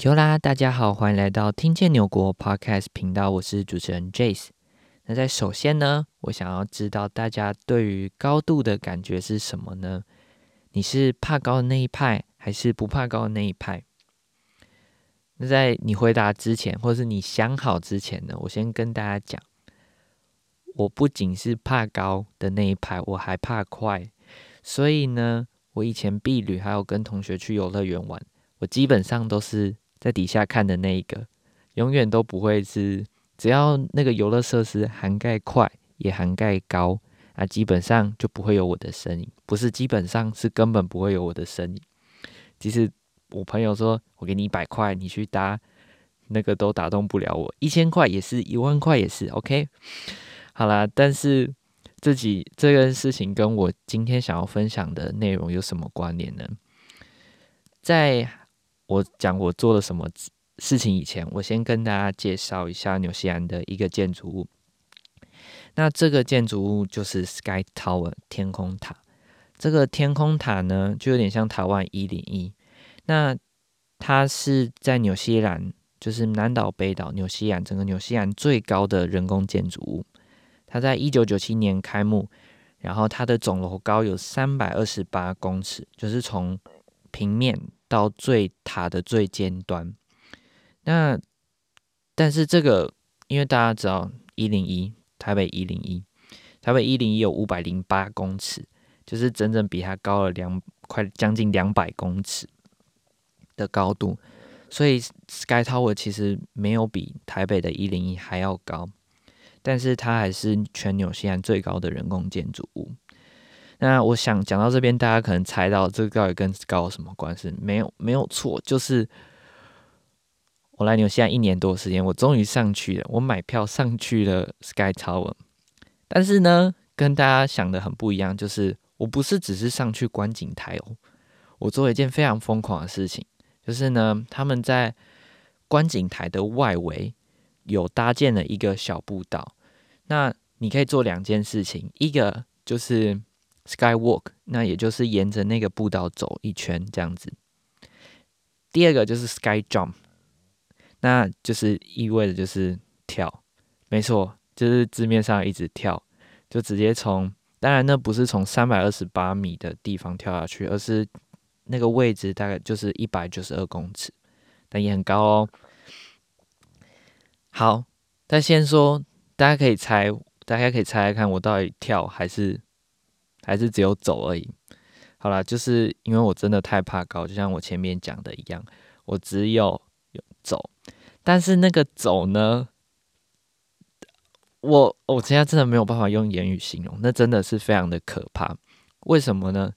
Q 啦，大家好，歡迎來到聽見紐國 Podcast 頻道，我是主持人 Jace。那在首先呢，我想要知道大家對於高度的感覺是什麼呢？你是怕高的那一派，還是不怕高的那一派？那在你回答之前，或者是你想好之前呢，我先跟大家講，我不僅是怕高的那一派，我還怕快。所以呢，我以前畢旅還有跟同學去遊樂園玩，我基本上都是。在底下看的那一個，永遠都不會是。只要那個遊樂設施涵蓋快，也涵蓋高，啊，基本上就不會有我的身影。不是基本上，是根本不會有我的身影。即使我朋友說，我給你一百塊，你去搭，那個都打動不了我。一千塊也是，一萬塊也是，OK。好啦，但是自己這件、個、事情跟我今天想要分享的內容有什麼關聯呢？在。我講我做了什麼事情以前，我先跟大家介紹一下紐西蘭的一個建築物。那這個建築物就是 Sky Tower 天空塔。這個天空塔呢，就有點像台灣一零一。那它是在紐西蘭，就是南島、北島，紐西蘭整個紐西蘭最高的人工建築物。它在一九九七年開幕，然後它的總樓高有三百二十八公尺，就是從平面。到最塔的最尖端，那但是這個，因為大家知道一零一台北一零一，台北一零一有五百零八公尺，就是整整比它高了兩快將近兩百公尺的高度，所以 Sky Tower 其實沒有比台北的一零一還要高，但是它還是全紐西蘭最高的人工建築物。那我想講到這邊，大家可能猜到這個到底跟高有什麼關係？沒有沒有錯，就是我來紐西蘭一年多時間，我終於上去了，我買票上去了 Sky Tower。但是呢，跟大家想的很不一樣，就是我不是只是上去觀景台哦，我做了一件非常瘋狂的事情，就是呢，他們在觀景台的外圍有搭建了一個小步道，那你可以做兩件事情，一個就是。Sky Walk，那也就是沿着那個步道走一圈這樣子。第二個就是 Sky Jump，那就是意味着就是跳，沒錯，就是字面上一直跳，就直接從，當然那不是從三百二十八米的地方跳下去，而是那個位置大概就是一百九十二公尺，但也很高哦。好，那先說，大家可以猜，大家可以猜猜看，我到底跳還是？還是只有走而已。好啦，就是因為我真的太怕高，就像我前面講的一樣，我只有走。但是那個走呢，我我現在真的沒有辦法用言語形容，那真的是非常的可怕。為什麼呢？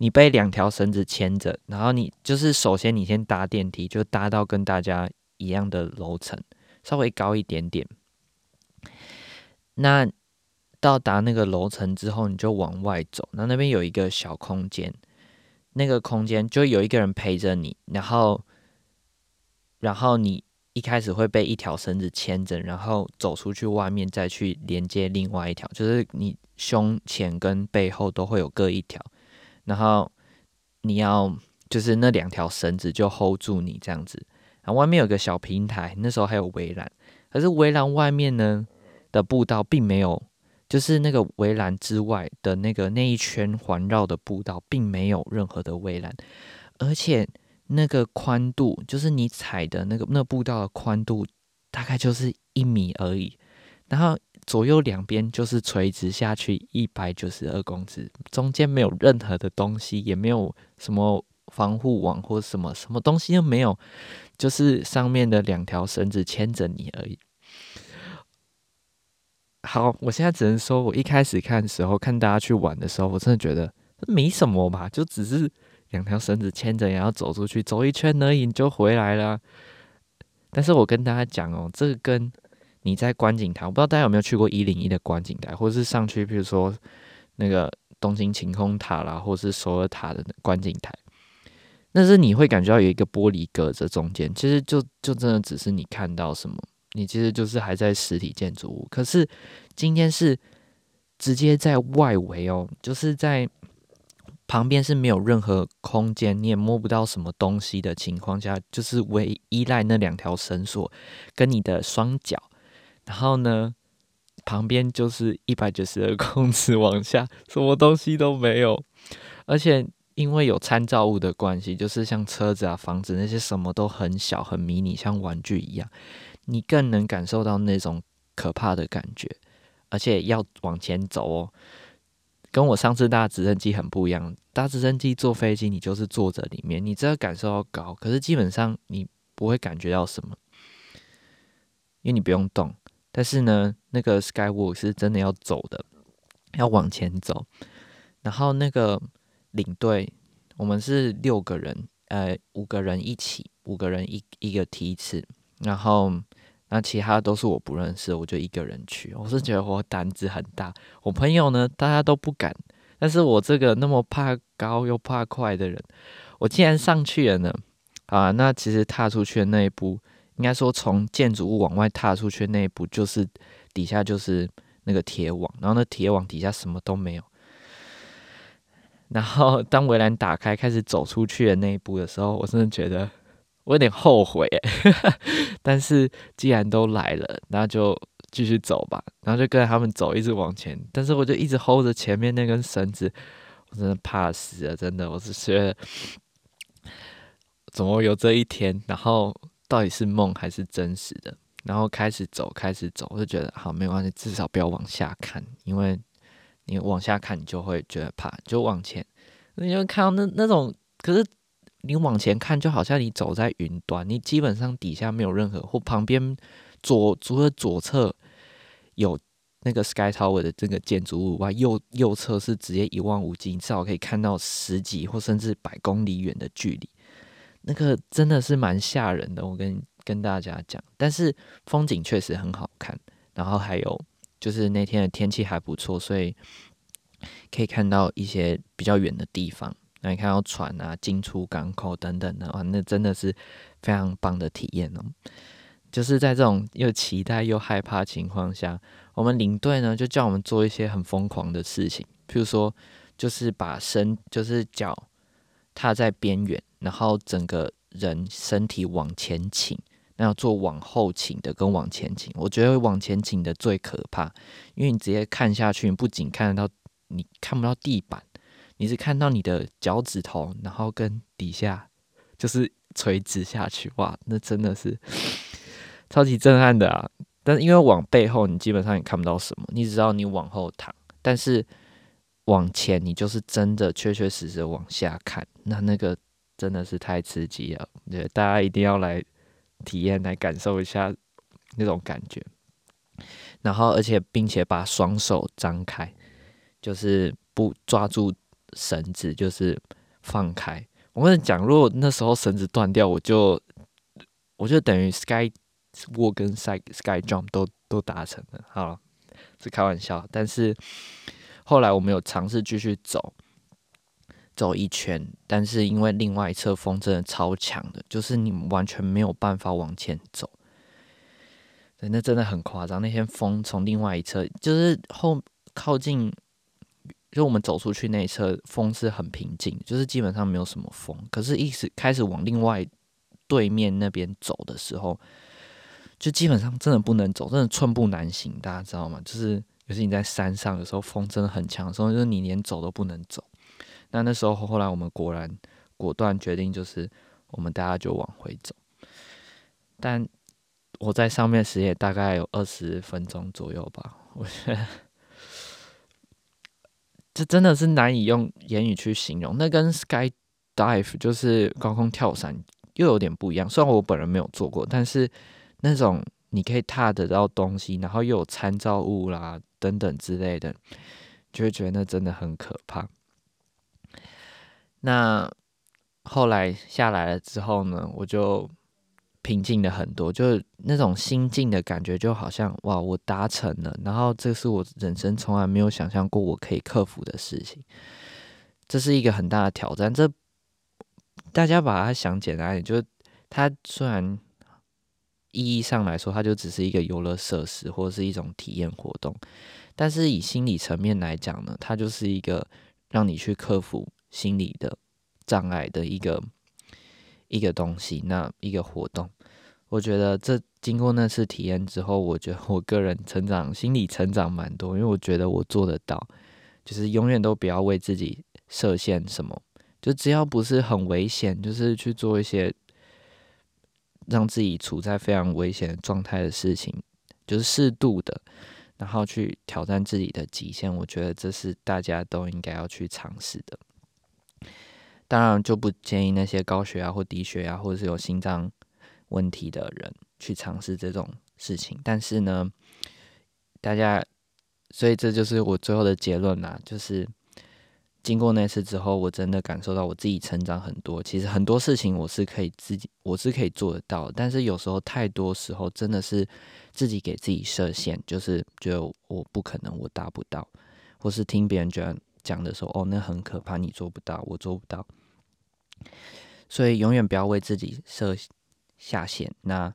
你被兩條繩子牽着，然後你就是首先你先搭電梯，就搭到跟大家一樣的樓層，稍微高一點點。那到達那個樓層之後，你就往外走。然後，那那邊有一個小空間，那個空間就有一個人陪着你。然後，然後你一開始會被一條繩子牽着，然後走出去外面，再去連接另外一條，就是你胸前跟背後都會有各一條。然後你要就是那兩條繩子就 hold 住你這樣子。然後外面有個小平台，那時候還有圍欄，可是圍欄外面呢的步道並沒有。就是那個圍欄之外的那個那一圈環繞的步道，並沒有任何的圍欄，而且那個寬度，就是你踩的那個那步道的寬度，大概就是一米而已。然後左右兩邊就是垂直下去一百九十二公尺，中間沒有任何的東西，也沒有什麼防護網或什麼什麼東西都沒有，就是上面的兩條繩子牽着你而已。好，我現在只能說，我一開始看的時候，看大家去玩的時候，我真的覺得沒什麼嘛，就只是兩條繩子牽着，然後走出去走一圈而已，你就回來了。但是我跟大家講哦，這個跟你在觀景台，我不知道大家有沒有去過一零一的觀景台，或者是上去，比如說那個東京晴空塔啦，或者是首爾塔的觀景台，那是你會感覺到有一個玻璃隔着中間，其實就就真的只是你看到什麼。你其實就是還在實體建築物，可是今天是直接在外圍哦，就是在旁邊是沒有任何空間，你也摸不到什麼東西的情況下，就是唯一依賴那兩條繩索跟你的雙腳，然後呢，旁邊就是一百九十二公尺往下，什麼東西都沒有，而且因為有參照物的關係，就是像車子啊、房子那些什麼都很小很迷你，像玩具一樣。你更能感受到那種可怕的感覺，而且要往前走哦。跟我上次搭直升機很不一樣，搭直升機坐飛機，你就是坐着裡面，你這個感受要高，可是基本上你不會感覺到什麼，因為你不用動。但是呢，那個 Skywalk 是真的要走的，要往前走。然後那個領隊，我們是六個人，呃，五個人一起，五個人一一個梯次，然後。那其他都是我不認識，我就一個人去。我是覺得我膽子很大，我朋友呢，大家都不敢，但是我這個那麼怕高又怕快的人，我竟然上去了呢。啊，那其實踏出去的那一步，應該說從建築物往外踏出去的那一步，就是底下就是那個鐵網，然後那鐵網底下什麼都沒有。然後當圍欄打開，開始走出去的那一步的時候，我真的覺得。我有點後悔呵呵，但是既然都來了，那就繼續走吧。然後就跟着他們走，一直往前。但是我就一直 hold 着前面那根繩子，我真的怕死了，真的。我是覺得怎麼會有這一天？然後到底是夢還是真實的？然後開始走，開始走，我就覺得好，沒關係，至少不要往下看，因為你往下看，你就會覺得怕，就往前。你就看到那那種，可是。你往前看，就好像你走在雲端，你基本上底下沒有任何，或旁邊左除了左側有那個 Sky Tower 的這個建築物外，右右側是直接一望無際，你至少可以看到十幾或甚至百公里遠的距離。那個真的是蠻嚇人的，我跟跟大家講，但是風景確實很好看。然後還有就是那天的天氣還不錯，所以可以看到一些比較遠的地方。那你看到船啊、進出港口等等的話，那真的是非常棒的體驗哦、喔。就是在這種又期待又害怕的情況下，我們領隊呢，就叫我們做一些很瘋狂的事情，譬如說，就是把身、就是腳踏在邊緣，然後整個人身體往前傾，那要做往後傾的跟往前傾，我覺得往前傾的最可怕，因為你直接看下去，你不僅看得到，你看不到地板。你是看到你的腳趾頭，然後跟底下就是垂直下去，哇，那真的是超級震撼的啊！但是因為往背後，你基本上也看不到什麼，你只知道你往後躺，但是往前你就是真的確確實實往下看，那那個真的是太刺激了，對，大家一定要來體驗，來感受一下那種感覺。然後而且並且把雙手張開，就是不抓住。繩子就是放開。我跟你講，如果那時候繩子斷掉，我就我就等於 sky walk 跟賽 sky jump 都都達成了。好了，是開玩笑。但是後來我們有嘗試繼續走走一圈，但是因為另外一側風真的超強的，就是你完全沒有辦法往前走。對，那真的很誇張。那天風從另外一側，就是後靠近。就我們走出去那一側風是很平靜，就是基本上沒有什麼風。可是，一直開始往另外對面那邊走的時候，就基本上真的不能走，真的寸步難行。大家知道嗎？就是尤其、就是、你在山上，有時候風真的很強的，所以就是你連走都不能走。那那時候後來我們果然果斷決定，就是我們大家就往回走。但我在上面時間也大概有二十分鐘左右吧，我覺得。這真的是難以用言語去形容，那跟 sky dive 就是高空跳傘又有點不一樣。雖然我本人沒有做過，但是那種你可以踏得到東西，然後又有參照物啦等等之類的，就會覺得那真的很可怕。那後來下來了之後呢，我就。平靜了很多，就是那種心境的感覺，就好像哇，我達成了，然後這是我人生從來沒有想象過我可以克服的事情。這是一個很大的挑戰。這大家把它想簡單一點，就是它雖然意義上來說，它就只是一個遊樂設施或者是一種體驗活動，但是以心理層面來講呢，它就是一個讓你去克服心理的障礙的一個一個東西，那一個活動。我覺得這經過那次體驗之後，我覺得我個人成長心理成長蠻多，因為我覺得我做得到，就是永遠都不要為自己設限什麼，就只要不是很危險，就是去做一些讓自己處在非常危險的狀態的事情，就是適度的，然後去挑戰自己的極限，我覺得這是大家都應該要去嘗試的。當然就不建議那些高血壓啊，或低血壓啊，或者是有心臟問題的人去嘗試這種事情，但是呢，大家，所以這就是我最後的結論啦，就是經過那次之後，我真的感受到我自己成長很多。其實很多事情我是可以自己，我是可以做得到，但是有時候太多時候真的是自己給自己設限，就是覺得我不可能，我達不到，或是聽別人覺得講的時候，哦，那很可怕，你做不到，我做不到。所以永遠不要為自己設下線，那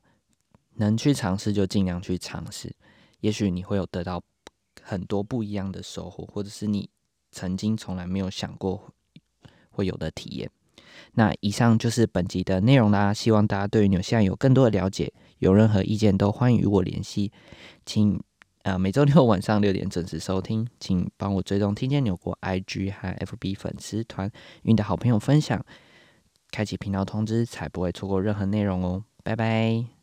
能去嘗試就盡量去嘗試，也許你會有得到很多不一樣的收穫，或者是你曾經從來沒有想過會有的體驗。那以上就是本集的內容啦，希望大家對於紐西蘭有更多的了解。有任何意見都歡迎與我聯繫。請呃每週六晚上六點準時收聽，請幫我追蹤聽見紐國 IG 和 FB 粉絲團，與你的好朋友分享。開啟頻道通知，才不會錯過任何內容哦。拜拜。